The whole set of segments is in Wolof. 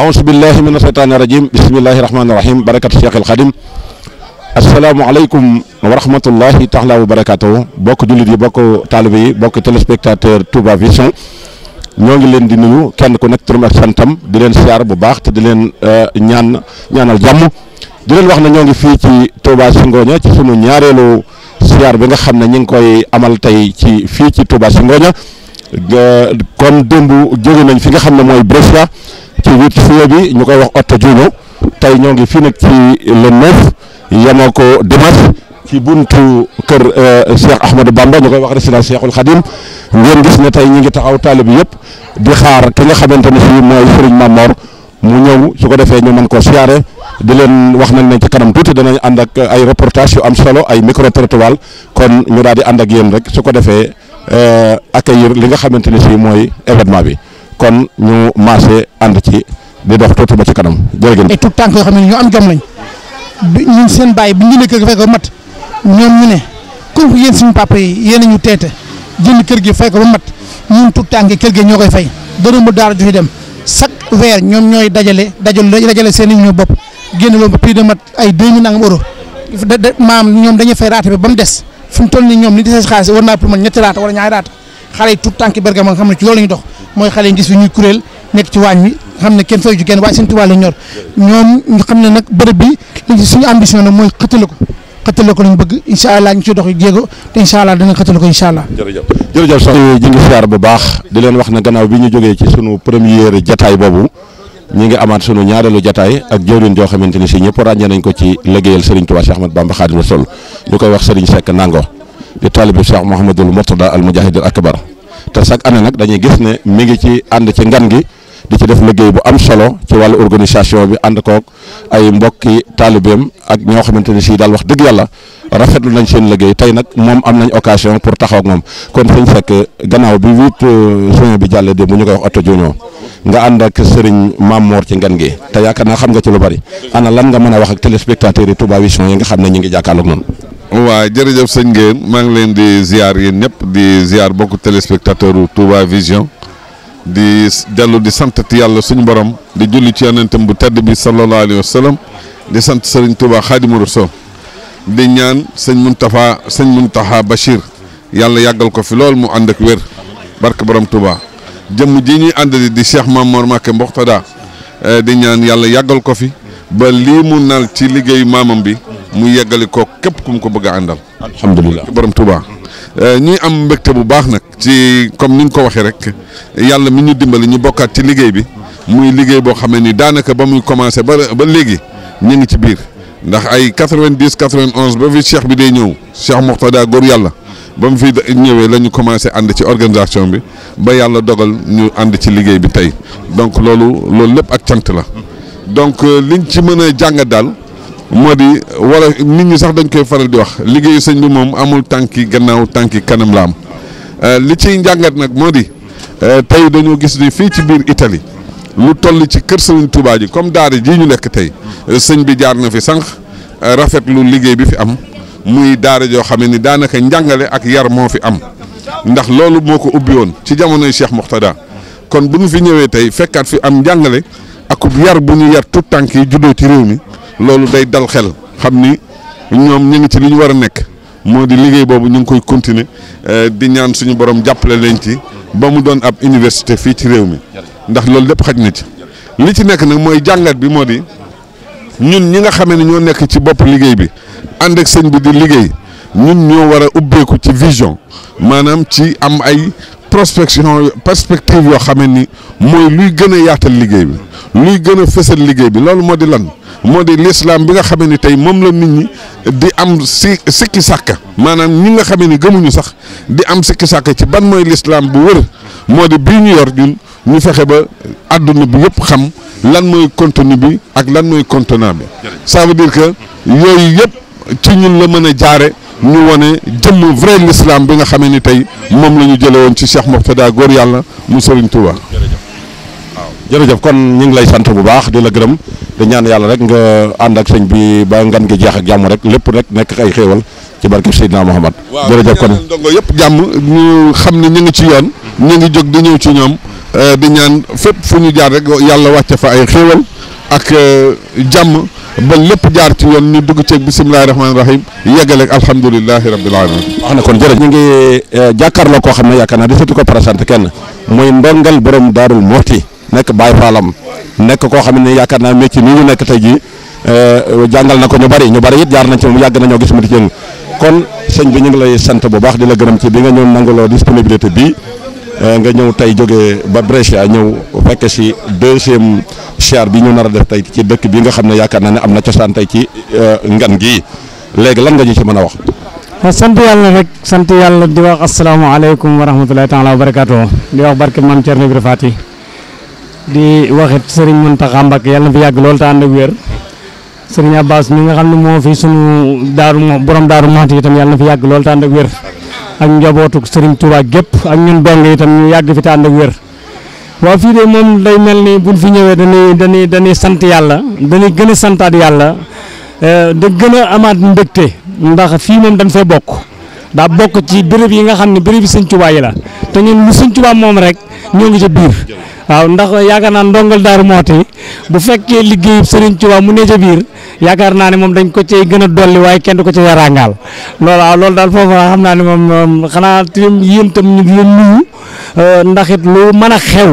aousu billahi min asheytaani rajim bismillahi rahmaani rahim barakatu cheikh al xadim asalaamaaleykum wa rahmatullahi taala wa barakaatu bokk jullit yi bokk taalibe yi bokk téléspectateur Touba Vision ñoo ngi leen di nuyu kenn ku nekk turam santam di leen siyaar bu baax te di leen euh, ñaan ñaanal jàmm di leen wax na ñoo ngi fii ci Touba Zingonia ci sunu ñaareelu siyaar bi nga xam ne ñu ngi koy amal tey ci fii ci Touba Zingonia kon démb jóge nañ fi nga xam ne mooy Brescia ci huit juillet bi ñu koy wax Otta Diouno tey ñoo ngi fii nag ci le neuf yemoo ko dimanche ci buntu kër euh, Cheikh Ahmadou Bamba ñu koy wax résidence Cheikhul Khadim ngeen gis ne tey ñi ngi taxaw taalib yëpp di xaar ki nga xamante ne fii mooy Serigne Mamor mu ñëw su ko defee ñu mën koo siyaare di leen wax nañ ne ci kanam tuuti danañ ànd ak ay reportage yu am solo ay micro trottoir kon ñu daal di ànd ak yéen rek su ko defee euh, accueillir li nga xamante ne si mooy événement bi. kon ñu marché ànd ci di dox tuuti ba ci kanam jërë ngeen. ay tout tànk yoo xam ne ñu am jom lañ bi ñun seen bàyyi bi gi fay ko mat ñoom ñu ne comme yéen suñu papa yi yéen a ñu teete jënd kër gi fay ko ba mat ñun tout tànk kër ñoo koy fay dërëmu daara ju fi dem chaque ñoom ñooy dajale dajale dajale seen i ñoom bopp génn loolu ba prix de mat ay deux mille nangam dañuy fay raata bi ba mu des fu mu toll nii ñoom li des xaalis war naa pour man ñetti raata wala ñaari raata xale yi tout tànk bergama nga xam ne ci loolu ñu dox mooy xale yi gis si ñuy kuréel nekk ci waañ wi xam ne kenn fay ju kenn waa seen tubaab la ñor ñoom ñu xam ne nag bërëb bi li suñu ambition nag mooy xëttale ko xëttale ko lañ bëgg incha allah ñu ci dox jéego te incha allah dana xëttale ko incha allah. jërëjëf jërëjëf soxna ñu ngi siyaar bu baax di leen wax ne gannaaw bi ñu jógee ci sunu première jataay boobu ñi ngi amaat sunu ñaareelu jataay ak jëwriñ joo xamante ni si ñëpp ràññee nañ ko ci liggéeyal Serigne Touba Cheikh Ahmad Bamba Khadim Rasoul ñu koy wax Serigne Seck Nango di taalibu Cheikh Mouhamadul Murtada al Mujahid al Akbar te chaque année nag dañuy gis ne mi ngi ci ànd ci ngan gi di ci def liggéey bu am solo ci wàllu organisation bi ànd koog ay mbokki taalibeem ak ñoo xamante ne si daal wax dëgg yàlla rafetlu nañ seen liggéey tey nag moom am nañ occasion pour taxaw ak moom kon sëñ Seck gannaaw bi 8 euh, juin bi jàllee démb ñu koy wax oto juñoo nga ànd ak Serigne Mamour ci ngan gi te yaakaar naa xam nga ci lu bari ana lan nga mën a wax ak téléspectateurs yi Touba yi nga xam ne ñu ngi jàkkaarloog noonu. waaw jërëjëf sëñ ngeen maa ngi leen di ziar yéen ñëpp di ziar bokk téléspectateur u Touba Vision di dellu di santati yàlla suñu borom di julli ci yonentam bu tedd bi sallallahu alayhi wa sallam di sant sëriñ Touba Xaadimu Rasuul di ñaan sëñ Muntafa sëñ Muntaxa Bachir yàlla yàggal ko fi lool mu ànd ak wér barke borom Touba jëmm ji ñuy ànd di Cheikh Mamour Mbacké Mourtada eh, di ñaan yàlla yàggal ko fi ba lii mu nal ci liggéeyu maamam bi mu yeggali ko képp ku mu ko bëgg àndal. alhamdulilah borom Touba. Euh, ñuy am mbégte bu baax nag. ci comme ni nga ko waxee rek yàlla mi ñu dimbali ñu bokkaat ci liggéey bi. muy liggéey boo xamee ni daanaka ba mu commencé ba ba léegi ñu ngi ci biir. ndax ay 90 91 ba fi cheikh bi day ñëw cheikh Moxtada góor yàlla. ba mu fi ñëwee la ñu commencé ànd ci organisation bi ba yàlla dogal ñu ànd ci liggéey bi tey donc loolu loolu lépp ak cant la donc euh, liñ ci mën a jàngat daal moo di war a nit ñi sax dañ koy faral di wax liggéeyu sëñ bi moom amul tànki gannaaw tànki kanam la am euh, li ciy njàngat nag moo di euh, tey dañoo gis ni fii ci biir Italie lu toll ci kër sëriñ Touba ji comme daara jii ñu nekk tey euh, sëñ bi jaar na fi sànq rafetlu liggéey bi fi am muy daara joo xam ni daanaka njàngale ak yar moo fi am ndax loolu moo ko ubbi woon ci jamonoy Cheikh Moxtada kon bu ñu fi ñëwee tey fekkaat fi am njàngale ak akub yar bu ñu yar tout tànk yi juddoo ci réew mi. loolu day dal xel xam ni ñoom ñu ngi ci li ñu war a nekk moo di liggéey boobu ñu ngi koy continuer euh, di ñaan suñu borom jàppale leen ci ba mu doon ab université fii ci réew mi ndax loolu lépp xaj na ci li ci nekk nag mooy jàngat bi moo di ñun ñi nga xamee ne ñoo nekk ci bopp liggéey bi ànd ak sëñ bi di liggéey ñun ñoo war a ubbeeku ci vision maanaam ci am ay prospection perspective yoo xamee ni mooy luy gën a yaatal liggéey bi luy gën a fësal liggéey bi loolu moo di lan moo di lislaam bi nga xamee ni tey moom la nit ñi di am si sikki sàkka maanaam ñi nga xamee ni gëmuñu sax di am sikki sàkka ci ban mooy lislaam bu wër moo di bii ñu yor fexe ba àdduna bi yëpp xam lan mooy contenu bi ak lan mooy contenant bi ça veut yëpp ci ñun la mën a jaare ñu wone jëmm vrai l'islam bi nga xamee ni tey moom la ñu jële woon ci Cheikh Mouhtada góor yàlla mu Sëriñ Tuubaa jërëjëf kon ñu ngi lay sant bu baax di la gërëm di ñaan yàlla rek nga ànd ak sëñ bi ba ngan gi jeex ak jàmm rek lépp rek nekk ay xéewal ci barke Seydina Muhammad jërëjëf kon ndongo yëpp jàmm ñu xam ne ñu ngi ci yoon ñu ngi jóg di ñëw ci ñoom eh, di ñaan fépp fu ñu jaar rek yàlla wàcce fa ay xéewal ak eh, jàmm ba lépp jaar ci yoon ñu dugg ceeg bisimilahi rahmaani rahim yeggale ak alhamdulilahi rabbil alamin wax na kon jërëjëf ñu ngi eh, jàkkaarloo koo xam ne yaakaar naa di ko sant kenn mooy ndongal borom daarul mooti nekk Baye Fallam nekk koo xam ne yaakaar naa métier mi ñu nekk tey ji euh, jàngal na ko ñu bari ñu bari it jaar nañ ci moom yàgg nañoo gis mu di jëng kon ñu ngi lay sant bu baax di la gërëm ci bi nga ñëw nanguloo disponibilité bi euh, nga ñëw tey jógee ba Brescia ñëw fekk si deuxième char bi ñu nar def tey ci dëkk bi nga xam ne yaakaar naa ne am na cosaan tey ci euh, ngan gi léegi lan nga ñu ci mën a wax. waaw sant yàlla rek sant yàlla di wax asalaamaaleykum wa rahmatulahi taala wa barakaatu di wax barke maam Thierno Biré Fati di waxit sëriñ mun Mbacké yàlla na fi yàgg lool te ànd ak wér sëriñ Abbas mi nga xam ne moo fi sunu daaru borom daaru Muxti itam yàlla na fi yàgg lool te ànd ak wér ak njabootu sëriñ tubaab gépp ak ñun dong tam ñu yàgg fi te ànd ak wér waaw fii de moom day mel ni buñ fi ñëwee dañuy dañuy dañuy sant yàlla dañuy gën a santaat yàlla eh, da gën a amaat mbégte ndax fii moom dañ fee bokk daa bokk ci béréb yi nga xam ne béréb yi sëñ Touba yi la te ñun lu sëñ Touba moom rek ñoo ngi ca biir waaw ndax yaakaar naa ndongal daaru mooti bu fekkee liggéey Serigne Touba mu ne ca biir yaakaar naa ne moom dañ ko cay gën a dolli waaye kenn du ko ca yaraangaal loolu waaw loolu daal foofu xam naa ne moom xanaa tim yéen tam ñu ngi leen nuyu euh, lu mën a xew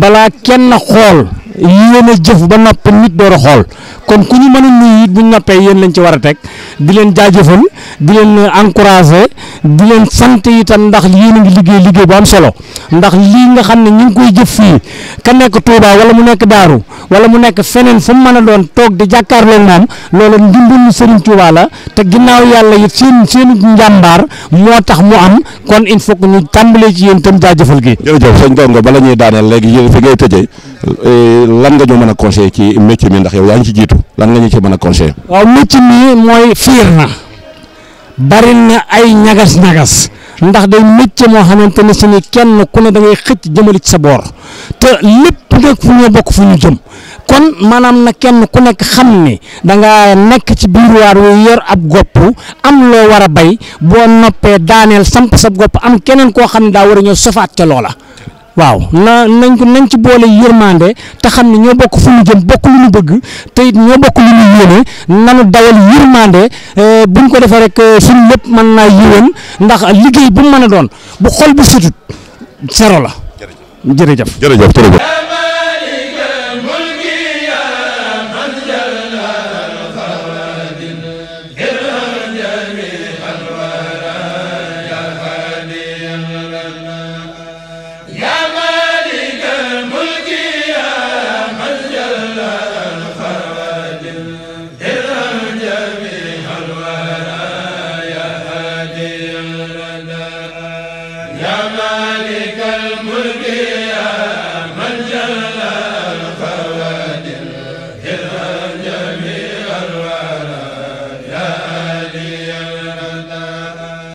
balaa kenn xool yéen a jëf ba nopp nit door a xool kon ku ñu mën a nuyu it bu noppee yéen lañ ci war a teg di leen jaajëfal di leen encouragé di leen sant itam ndax yéen a ngi liggéey liggéey bu am solo ndax li nga xam ne ñu ngi koy jëf fii ka nekk Touba wala mu nekk Daaru wala mu nekk feneen fu mën a doon toog di jàkkaar jàkkaarloo moom loolu ndimbalu Serigne Touba la te ginnaaw yàlla it seen seen njàmbaar moo tax mu am kon il faut que ñu tàmbalee ci yéen itam jaajëfal gi. jërëjëf sëñ Gongo bala ñuy daaneel léegi yéen fi ngay tëjee Euh, lan nga ñu mën a conseiller ci métier mi ndax yow yaa ngi ci jiitu lan nga ñu ci mën a conseiller. waaw métier mi mooy fiir na bari ay ñagas-ñagas ndax day métier moo xamante ne si ni kenn ku ne da ngay xëcc jëmali ci sa boor te lépp nag fu ñoo bokk fu ñu jëm. kon maanaam na kenn ku nekk xam ni da nga nekk ci biir waar wu yor ab goppu am loo war a bay boo noppee daaneel samp sa gopp am keneen koo xam ne daa war a ñëw sofaat ca loola waaw na nañ ko nañ ci boole yërmande te xam ne ñoo bokk fu ñu jëm bokk lu ñu bëgg te it ñoo bokk lu ñu yéene nanu dawal yërmande euh, buñ ko defee rek euh, suñu lépp mën naa yéwén ndax liggéey bu mu mën a doon bu xol bu sutut sero la jërëjëf jërëjëf